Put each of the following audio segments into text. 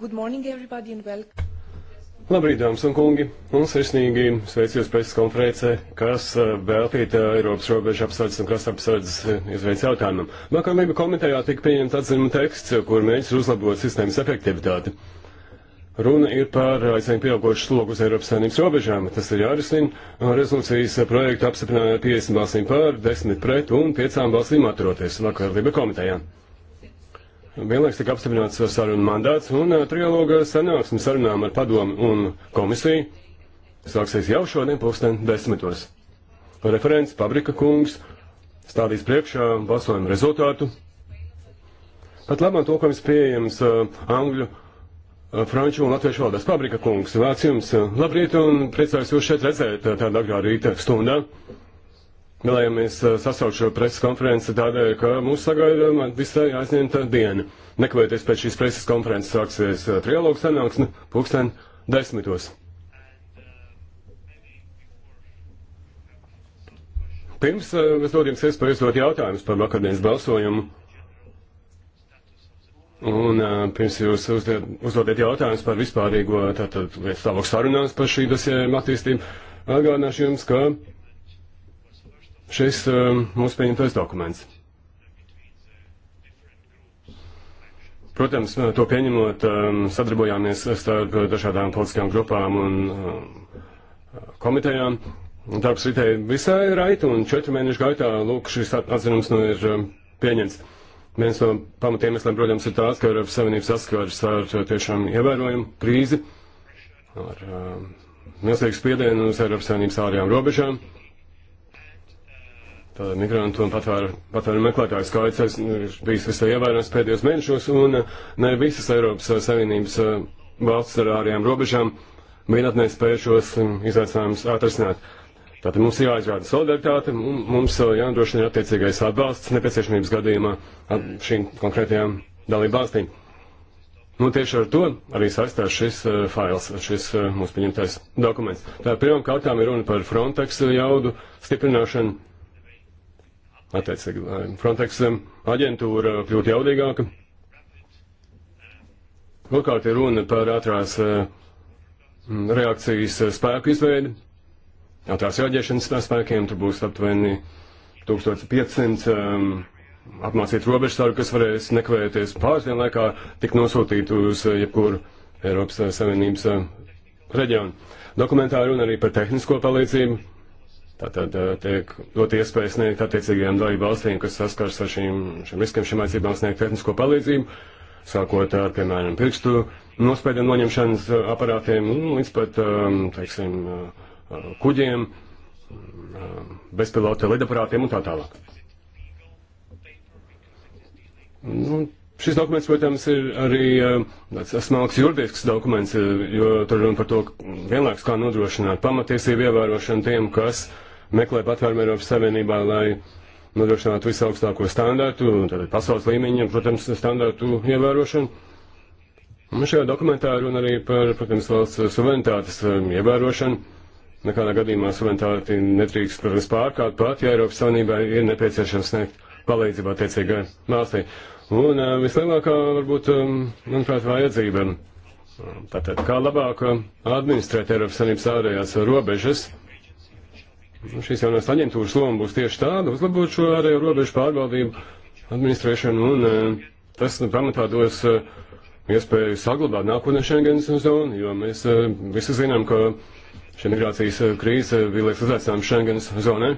Good morning, everybody, and welcome. Labrīt, dāmas un kungi! Un sirsnīgi sveicu jūs preses konferencē, kas eh, veltīta Eiropas robežu apsardzes un krasta apsardzes eh, izveids jautājumam. Makamība komitejā tika pieņemts atzinuma teksts, kur mēģis uzlabot sistēmas efektivitāti. Runa ir par aizvien pieaugošu slogu uz Eiropas saimnības robežām. Tas ir jārisina. Rezolūcijas projektu apstiprināja 50 balsīm pār, 10 pret un 5 balsīm atturoties vakar Libe komitejā. Vienlaiks tika apstiprināts sarunu mandāts un uh, trialoga sanāksme sarunām ar padomu un komisiju sāksies jau šodien pulksten desmitos. Referents Pabrika kungs stādīs priekšā balsojumu rezultātu. Pat labāk tulkojums pieejams uh, angļu, uh, franču un latviešu valodās. Pabrika kungs, vārds jums. Uh, labrīt un priecājos jūs šeit redzēt uh, tādā agrā rīta stundā. Vēlējāmies nu, sasaukt šo preses konferenci tādēļ, ka mūs sagaida visai aizņemta diena. Nekavēties pēc šīs preses konferences sāksies trialogu sanāksme pulksten desmitos. Pirms es dodu jums iespēju uzdot jautājumus par vakardienas balsojumu. Un uh, pirms jūs uzdiet, uzdodat jautājumus par vispārīgo tātad stāvokļu sarunās par šī dosiem attīstību, atgādināšu jums, ka šis um, mūsu pieņemtais dokuments. Protams, to pieņemot, um, sadarbojāmies starp dažādām politiskām grupām un um, komitejām. Darbs ritēja visai raiti, un četru mēnešu gaitā, lūk, šis atzinums nu ir pieņemts. Viens no pamatiem iemesliem, protams, ir tāds, ka Eiropas Savienības saskaras ar tiešām ievērojumu krīzi, ar milzīgu spiedienu uz Eiropas Savienības ārējām robežām. Tātad migrantu un patvēru meklētāju skaits nu, ir bijis visai ievērojams pēdējos mēnešos, un eh, ne visas Eiropas eh, Savienības eh, valsts ar ārējām robežām vienatnē spēj šos mm, izaicinājumus atrisināt. Tātad mums jāizrāda solidaritāte, mums jānodrošina attiecīgais atbalsts nepieciešamības gadījumā šīm konkrētajām dalību valstīm. Nu, tieši ar to arī saistās šis uh, fails, šis uh, mūsu pieņemtais dokuments. Tā pirmām kārtām ir runa par Frontex jaudu stiprināšanu, attiecīgi, lai Frontex aģentūra kļūtu jaudīgāka. Galvkārt ir runa par ātrās eh, reakcijas eh, spēku izveidi, ātrās reaģēšanas spēkiem, tur būs aptuveni 1500 um, apmācīt robežsargu, kas varēs nekavēties pāris dienu laikā tik nosūtīt uz eh, jebkuru Eiropas Savienības reģionu. Dokumentā runa arī par tehnisko palīdzību, Tātad eh, tiek dot iespēju sniegt attiecīgajām dalību valstīm, kas saskars ar šīm, šiem riskiem, šīm aicībām sniegt tehnisko palīdzību, sākot ar, piemēram, pirkstu nospēdu noņemšanas eh, aparātiem līdz pat, ehm, teiksim, eh, kuģiem, bezpilota lidaparātiem un tā tālāk. Nu, šis dokuments, protams, ir arī tāds smalks juridisks dokuments, jo tur runa par to vienlaiks, kā nodrošināt pamatiesību ievērošanu tiem, kas uh, meklē patvērumu Eiropas Savienībā, lai nodrošinātu visaugstāko standārtu, tātad pasaules līmeņa, protams, standārtu ievērošanu. Un šajā dokumentā runa arī par, protams, valsts suverenitātes um, ievērošanu. Nekādā gadījumā suverenitāti netrīkst, protams, pārkāpt pat, ja Eiropas Savienībai ir nepieciešams sniegt palīdzību attiecīgai valstī. Un uh, vislielākā, varbūt, um, manuprāt, vajadzība. Um, tātad, kā labāk administrēt Eiropas Savienības ārējās robežas šīs jaunās aģentūras loma būs tieši tāda, uzlabot šo ārējo robežu pārvaldību, administrēšanu, un e, tas pamatā dos e, iespēju saglabāt nākotnē Schengens zonu, jo mēs e, visi zinām, ka šī migrācijas krīze bija liekas uzaicinājums Schengens zonai.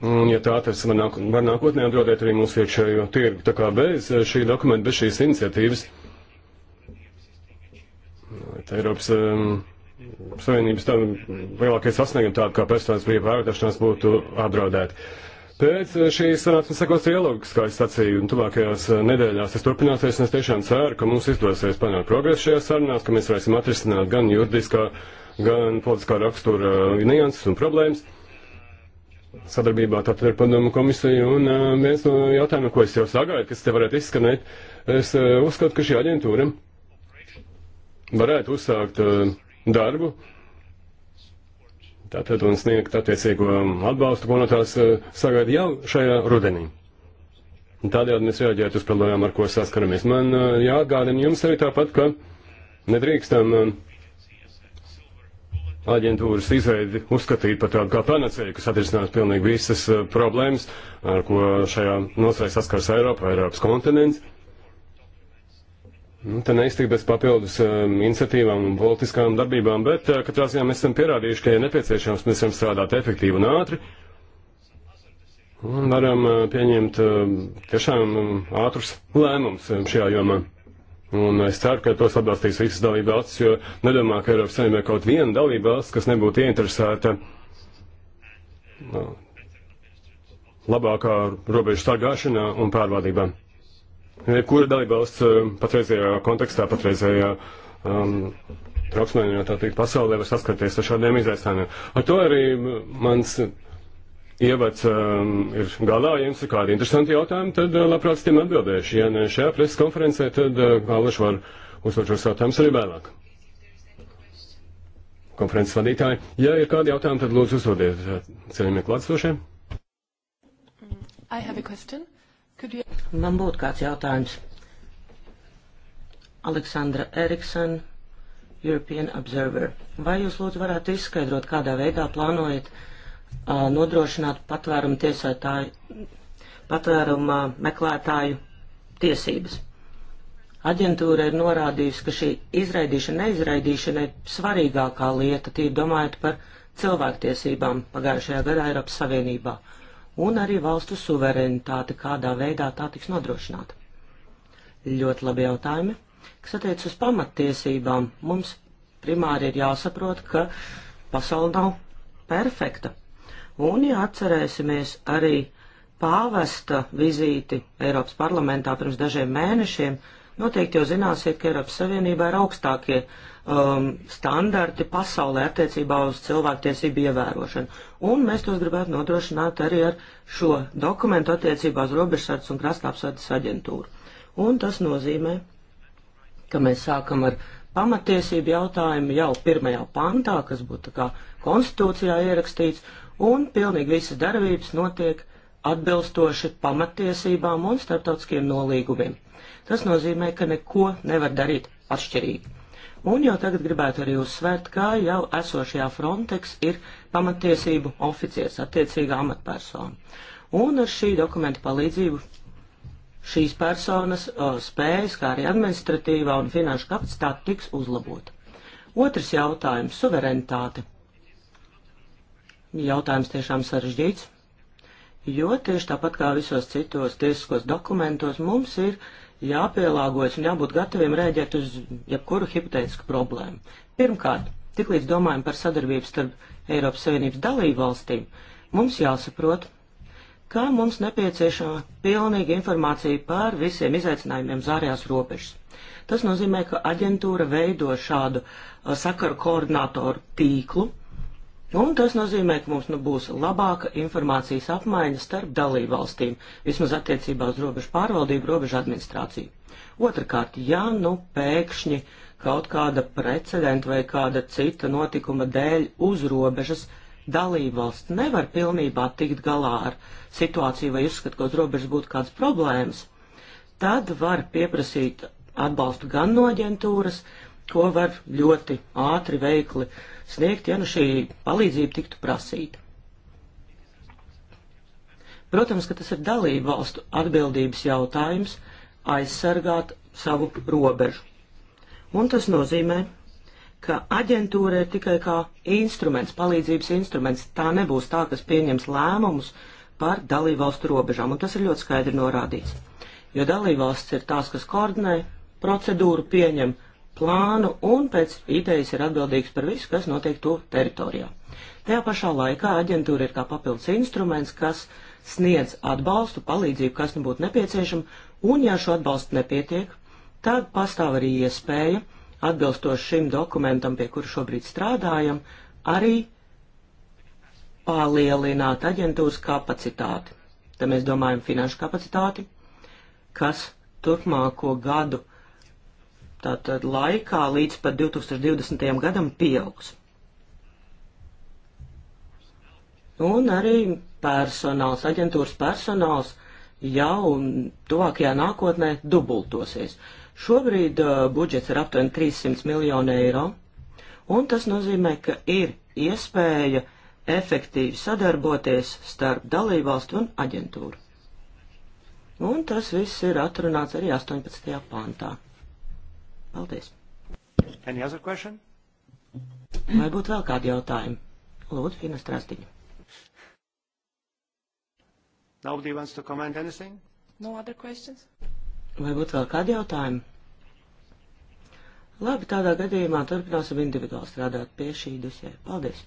Un, ja tā tas var, nāk, var nākotnē apdraudēt arī mūsu iekšējo tirgu, tā kā bez šī dokumenta, bez šīs iniciatīvas, tā Eiropas um, Savienības lielākie sasniegumi, tādi kā personas brīva pārvietošanās, būtu apdraudēti. Pēc eh, šīs sanāksmes sekos trialogs, kā es sacīju, un tuvākajās eh, nedēļās tas turpināsies, un es tiešām ceru, ka mums izdosies panākt progresu šajās sarunās, ka mēs varēsim atrisināt gan juridiskā, gan politiskā rakstura eh, nianses un problēmas. Sadarbībā tātad ar padomu komisiju, un uh, viens no jautājumiem, ko es jau sagaidu, kas te varētu izskanēt, es uh, uzskatu, ka šī aģentūra varētu uzsākt uh, darbu. Tātad un sniegt attiecīgo atbalstu, ko no tās eh, sagaida jau šajā rudenī. Tādējādi mēs reaģētu uz problēmām, ar ko saskaramies. Man eh, jāatgādina jums arī tāpat, ka nedrīkstam eh, aģentūras izveidi uzskatīt par tādu kā panacēju, kas atrisinās pilnīgi visas problēmas, ar ko šajā nosvei saskars Eiropa, Eiropas kontinents. Nu, te neiztikt bez papildus um, iniciatīvām un politiskām darbībām, bet uh, katrā ziņā mēs esam pierādījuši, ka ir nepieciešams, mēs varam strādāt efektīvi un ātri. Un varam uh, pieņemt uh, tiešām um, ātrus lēmumus um, šajā jomā. Un es ceru, ka tos atbalstīs visas dalība valsts, jo nedomā, ka Eiropas Savienībā kaut viena dalība valsts, kas nebūtu ieinteresēta no, nu, labākā robežu sargāšanā un pārvaldībā. E, kura dalībvalsts e, patreizajā kontekstā, patreizajā um, trauksmē, jo tā teikt, pasaulē var saskarties ar šādiem izaicinājumiem. Ar to arī mans ievads um, ir galā, ja jums ir kādi interesanti jautājumi, tad uh, labprāt tiem atbildēšu. Ja ne šajā preses konferencē, tad uh, Aleš var uzdot šos jautājumus arī vēlāk. Konferences vadītāji, ja ir kādi jautājumi, tad lūdzu uzdodiet ceļamie klātsošie. I have a question. You... Man būtu kāds jautājums. Aleksandra Eriksona, European Observer. Vai jūs lūdzu varētu izskaidrot, kādā veidā plānojat uh, nodrošināt patvērumu tiesētāju, patvērumu uh, meklētāju tiesības? Aģentūra ir norādījusi, ka šī izraidīšana, neizraidīšana ir svarīgākā lieta, tī domājot par cilvēktiesībām pagājušajā gadā Eiropas Savienībā. Uh, un arī valstu suverenitāte, kādā veidā tā tiks nodrošināta. Ļoti labi jautājumi. Kas attiec uz pamattiesībām, mums primāri ir jāsaprot, ka pasauli nav perfekta. Un, ja atcerēsimies arī pāvesta vizīti Eiropas parlamentā pirms dažiem mēnešiem, uh, Noteikti jau zināsiet, ka Eiropas Savienībā ir augstākie um, standarti pasaulē attiecībā uz cilvēktiesību ievērošanu. Un mēs tos gribētu nodrošināt arī ar šo dokumentu attiecībā uz robežsardas un krastāpsardas aģentūru. Un tas nozīmē, ka mēs sākam ar pamatiesību jautājumu jau pirmajā pantā, kas būtu kā konstitūcijā ierakstīts, un pilnīgi visas darbības notiek atbilstoši pamatiesībām un starptautiskiem nolīgumiem. Tas nozīmē, ka neko nevar darīt atšķirīgi. Un jau tagad gribētu arī uzsvērt, kā jau esošajā Frontex ir pamatiesību oficiers, attiecīga amatpersona. Un ar šī dokumenta palīdzību šīs personas o, spējas, kā arī administratīvā un finanšu kapacitāte tiks uzlabota. Otrs jautājums - suverenitāte. Jautājums tiešām sarežģīts, jo tieši tāpat kā visos citos tiesiskos dokumentos mums ir jāpielāgojas un jābūt gataviem rēģēt uz jebkuru hipotētisku problēmu. Pirmkārt, tiklīdz domājam par sadarbību starp Eiropas Savienības dalību valstīm, mums jāsaprot, ka mums nepieciešama pilnīga informācija par visiem izaicinājumiem zārējās robežas. Tas nozīmē, ka aģentūra veido šādu uh, sakaru koordinātoru tīklu, Un tas nozīmē, ka mums nu būs labāka informācijas apmaiņa starp dalībvalstīm, vismaz attiecībā uz robežu pārvaldību, robežu administrāciju. Otrakārt, ja nu pēkšņi kaut kāda precedenta vai kāda cita notikuma dēļ uz robežas dalībvalsts nevar pilnībā tikt galā ar situāciju vai uzskat, ka uz robežas būtu kādas problēmas, tad var pieprasīt atbalstu gan no aģentūras, ko var ļoti ātri, veikli sniegt, ja nu šī palīdzība tiktu prasīta. Protams, ka tas ir dalību valstu atbildības jautājums aizsargāt savu robežu. Un tas nozīmē, ka aģentūra ir tikai kā instruments, palīdzības instruments. Tā nebūs tā, kas pieņems lēmumus par dalību valstu robežām, un tas ir ļoti skaidri norādīts. Jo dalību valsts ir tās, kas koordinē procedūru, pieņem plānu un pēc idejas ir atbildīgs par visu, kas notiek to teritorijā. Tajā pašā laikā aģentūra ir kā papildus instruments, kas sniedz atbalstu, palīdzību, kas nu būtu nepieciešama, un ja šo atbalstu nepietiek, tad pastāv arī iespēja, atbilstoši šim dokumentam, pie kura šobrīd strādājam, arī palielināt aģentūras kapacitāti. Te mēs domājam finanšu kapacitāti, kas turpmāko gadu tātad laikā līdz pat 2020. gadam pieaugs. Un arī personāls, aģentūras personāls jau tuvākajā nākotnē dubultosies. Šobrīd uh, budžets ir aptuveni 300 miljoni eiro, un tas nozīmē, ka ir iespēja efektīvi sadarboties starp dalībvalstu un aģentūru. Un tas viss ir atrunāts arī 18. pantā. Paldies. Any other question? Vai būtu vēl kādi jautājumi? Lūdzu, Fina Strastiņa. Nobody wants to comment anything? No other questions? Vai būtu vēl kādi jautājumi? Labi, tādā gadījumā turpināsim individuāli strādāt pie šī dusē. Paldies!